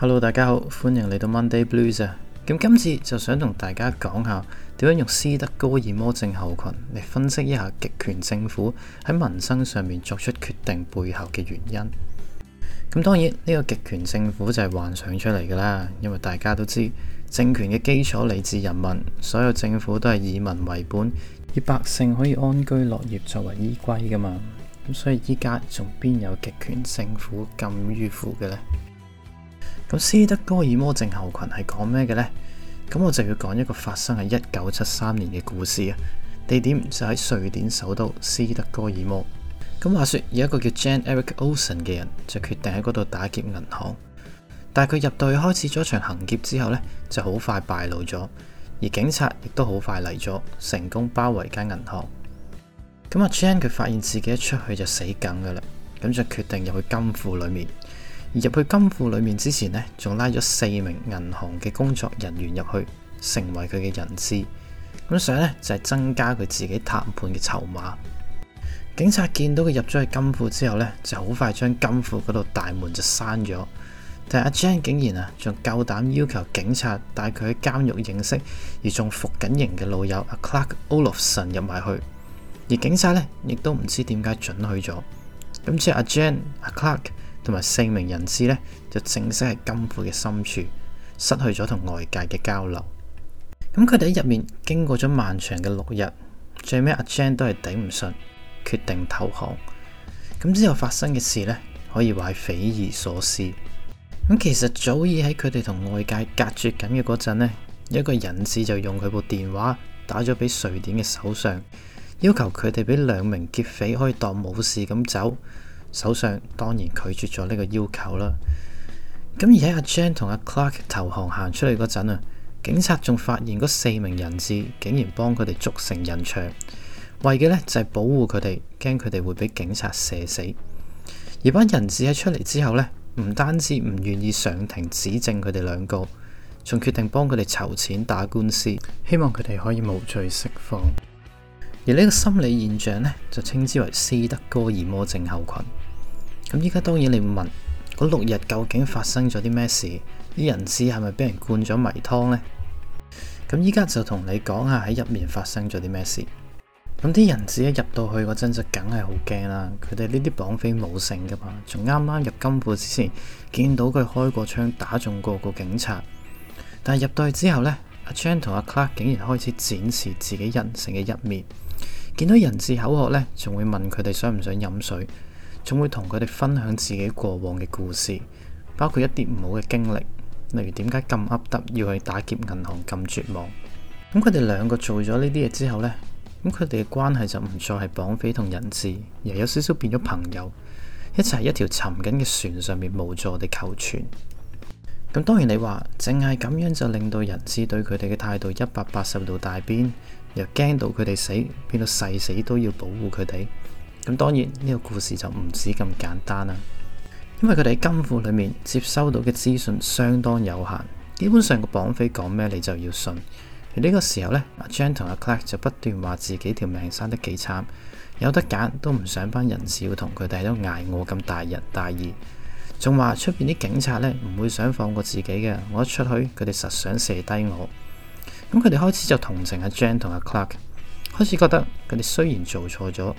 Hello，大家好，歡迎嚟到 Monday Blues。咁今次就想同大家講下點樣用斯德哥爾摩症候群嚟分析一下極權政府喺民生上面作出決定背後嘅原因。咁當然呢、呢個極權政府就係幻想出嚟噶啦，因為大家都知政權嘅基礎嚟自人民，所有政府都係以民為本，以百姓可以安居樂業作為依歸噶嘛。咁所以依家仲邊有極權政府咁迂腐嘅呢？咁斯德哥爾摩症候群係講咩嘅呢？咁我就要講一個發生喺一九七三年嘅故事啊，地點就喺瑞典首都斯德哥爾摩。咁話說，有一個叫 Jan Eric Olson 嘅人就決定喺嗰度打劫銀行，但係佢入到去開始咗場行劫之後呢，就好快敗露咗，而警察亦都好快嚟咗，成功包圍間銀行。咁阿 Jan 佢發現自己一出去就死梗噶啦，咁就決定入去金庫裏面。入去金庫裏面之前呢，仲拉咗四名銀行嘅工作人員入去，成為佢嘅人質。咁所以呢就係增加佢自己談判嘅籌碼。警察見到佢入咗去金庫之後呢，就好快將金庫嗰度大門就閂咗。但阿 Jane 竟然啊，仲夠膽要求警察帶佢喺監獄認識而仲服緊刑嘅老友阿 Clark Olofson 入埋去。而警察呢，亦都唔知點解準許咗。咁即係阿 Jane、阿 Clark。同埋四名人質咧，就正式係金庫嘅深處失去咗同外界嘅交流。咁佢哋喺入面經過咗漫長嘅六日，最尾阿 j a n 都係頂唔順，決定投降。咁之後發生嘅事呢，可以話係匪夷所思。咁其實早已喺佢哋同外界隔絕緊嘅嗰陣呢，一個人士就用佢部電話打咗俾瑞典嘅首相，要求佢哋俾兩名劫匪可以當冇事咁走。首相當然拒絕咗呢個要求啦。咁而喺阿 Jan 同阿 Clark 投降行出嚟嗰陣啊，警察仲發現嗰四名人質竟然幫佢哋築成人牆，為嘅呢就係保護佢哋，驚佢哋會俾警察射死。而班人質喺出嚟之後呢，唔單止唔願意上庭指證佢哋兩個，仲決定幫佢哋籌錢打官司，希望佢哋可以無罪釋放。而呢個心理現象呢，就稱之為斯德哥爾摩症候群。咁依家當然你會問：嗰六日究竟發生咗啲咩事？啲人質係咪俾人灌咗迷湯呢？咁依家就同你講下喺入面發生咗啲咩事。咁啲人質一入到去嗰陣就梗係好驚啦。佢哋呢啲綁匪冇性噶嘛，從啱啱入金庫之前見到佢開過槍打中過個警察，但係入到去之後呢，阿、 啊、Jean 同阿、啊、Clark 竟然開始展示自己人性嘅一面。見到人質口渴呢，仲會問佢哋想唔想飲水，仲會同佢哋分享自己過往嘅故事，包括一啲唔好嘅經歷，例如點解咁噏得要去打劫銀行咁絕望。咁佢哋兩個做咗呢啲嘢之後呢，咁佢哋嘅關係就唔再係綁匪同人質，而有少少變咗朋友，一齊喺一條沉緊嘅船上面無助地求存。咁當然你話淨係咁樣就令到人質對佢哋嘅態度一百八十度大變。又驚到佢哋死，變到誓死都要保護佢哋。咁當然呢個故事就唔止咁簡單啦，因為佢哋喺金庫裏面接收到嘅資訊相當有限，基本上個綁匪講咩你就要信。而呢個時候呢，阿 Jen 同阿 Clark 就不斷話自己條命生得幾慘，有得揀都唔想班人士要同佢哋喺度挨，我咁大仁大義，仲話出邊啲警察呢，唔會想放過自己嘅，我一出去佢哋實想射低我。咁佢哋開始就同情阿、啊、Jan 同阿、啊、Clark，開始覺得佢哋雖然做錯咗，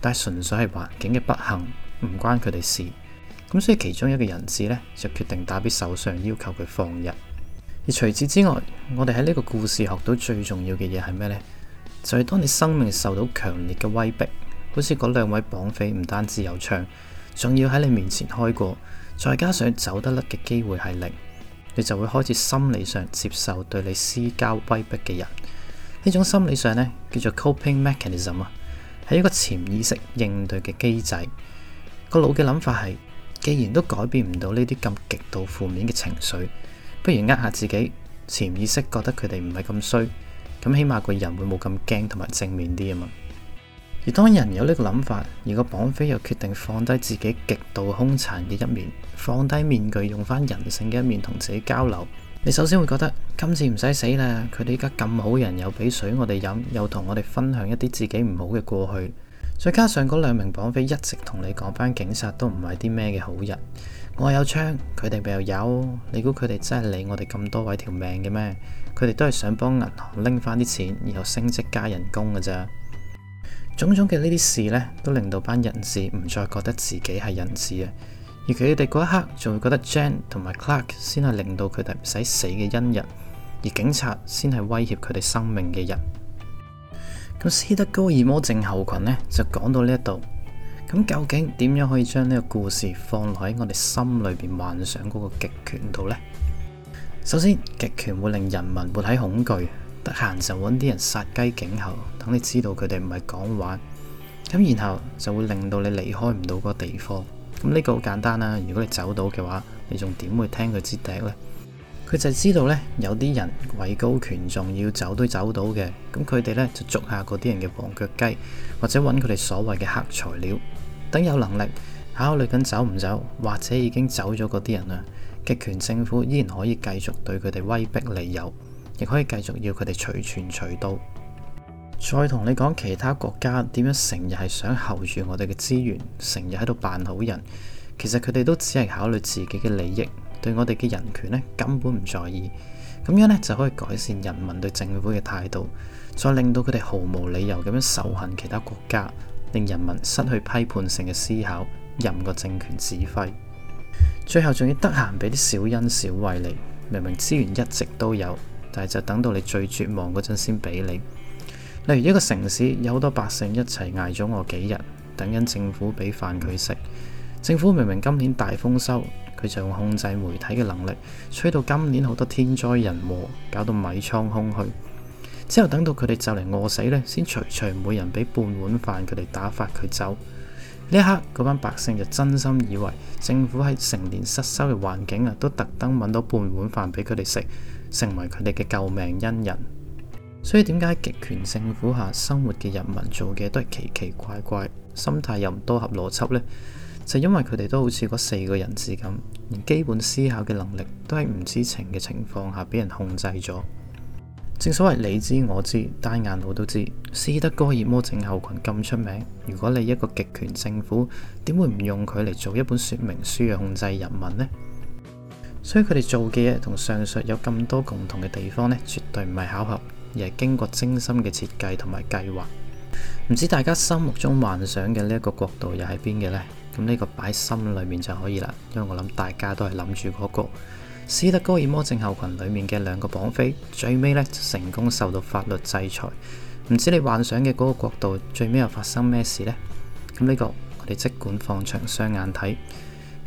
但係純粹係環境嘅不幸，唔關佢哋事。咁所以其中一個人質咧，就決定打俾首相要求佢放人。而除此之外，我哋喺呢個故事學到最重要嘅嘢係咩呢？就係、是、當你生命受到強烈嘅威逼，好似嗰兩位綁匪唔單止有槍，仲要喺你面前開過，再加上走得甩嘅機會係零。你就會開始心理上接受對你施加威逼嘅人，呢種心理上呢叫做 coping mechanism 啊，係一個潛意識應對嘅機制。個腦嘅諗法係，既然都改變唔到呢啲咁極度負面嘅情緒，不如呃下自己潛意識覺得佢哋唔係咁衰，咁起碼個人會冇咁驚同埋正面啲啊嘛。而當人有呢個諗法，而個綁匪又決定放低自己極度兇殘嘅一面，放低面具，用翻人性嘅一面同自己交流，你首先會覺得今次唔使死啦！佢哋依家咁好人，又俾水我哋飲，又同我哋分享一啲自己唔好嘅過去。再加上嗰兩名綁匪一直同你講，班警察都唔係啲咩嘅好人，我有槍，佢哋咪又有，你估佢哋真係理我哋咁多位條命嘅咩？佢哋都係想幫銀行拎翻啲錢，然後升職加人工㗎咋。種種嘅呢啲事呢，都令到班人士唔再覺得自己係人士質啊，而佢哋嗰一刻仲會覺得 Jan 同埋 Clark 先係令到佢哋唔使死嘅恩人，而警察先係威脅佢哋生命嘅人。咁斯德哥爾摩症候群呢，就講到呢一度。咁究竟點樣可以將呢個故事放落喺我哋心裏邊幻想嗰個極權度呢？首先，極權會令人民活喺恐懼。得閒就揾啲人殺雞儆猴，等你知道佢哋唔係講玩，咁然後就會令到你離開唔到個地方。咁、這、呢個好簡單啦，如果你走到嘅話，你仲點會聽佢支笛呢？佢就係知道呢，有啲人位高權重要走都走到嘅，咁佢哋呢，就捉下嗰啲人嘅黃腳雞，或者揾佢哋所謂嘅黑材料，等有能力考慮緊走唔走，或者已經走咗嗰啲人啊，極權政府依然可以繼續對佢哋威逼利誘。亦可以繼續要佢哋隨傳隨到，再同你講其他國家點樣成日係想候住我哋嘅資源，成日喺度扮好人。其實佢哋都只係考慮自己嘅利益，對我哋嘅人權呢，根本唔在意。咁樣呢，就可以改善人民對政府嘅態度，再令到佢哋毫無理由咁樣仇恨其他國家，令人民失去批判性嘅思考，任個政權指揮。最後仲要得閒俾啲小恩小惠你。明明資源一直都有。但係就等到你最絕望嗰陣先俾你。例如一個城市有好多百姓一齊挨咗我幾日，等緊政府俾飯佢食。政府明明今年大豐收，佢就用控制媒體嘅能力吹到今年好多天災人禍，搞到米倉空虛。之後等到佢哋就嚟餓死呢，先隨隨每人俾半碗飯佢哋打發佢走。呢一刻嗰班百姓就真心以為政府喺成年失收嘅環境啊，都特登揾到半碗飯俾佢哋食。成為佢哋嘅救命恩人，所以點解極權政府下生活嘅人民做嘅都係奇奇怪怪，心態又唔多合邏輯呢？就因為佢哋都好似嗰四個人士咁，連基本思考嘅能力都喺唔知情嘅情況下俾人控制咗。正所謂你知我知，單眼佬都知。斯德哥爾摩症候群咁出名，如果你一個極權政府點會唔用佢嚟做一本說明書去控制人民呢？所以佢哋做嘅嘢同上述有咁多共同嘅地方呢，絕對唔係巧合，而係經過精心嘅設計同埋計劃。唔知大家心目中幻想嘅呢一個國度又喺邊嘅呢？咁呢個擺心裏面就可以啦，因為我諗大家都係諗住嗰個斯德哥爾摩症候群裏面嘅兩個綁匪，最尾呢，就成功受到法律制裁。唔知你幻想嘅嗰個國度最尾又發生咩事呢？咁呢個，我哋即管放長雙眼睇。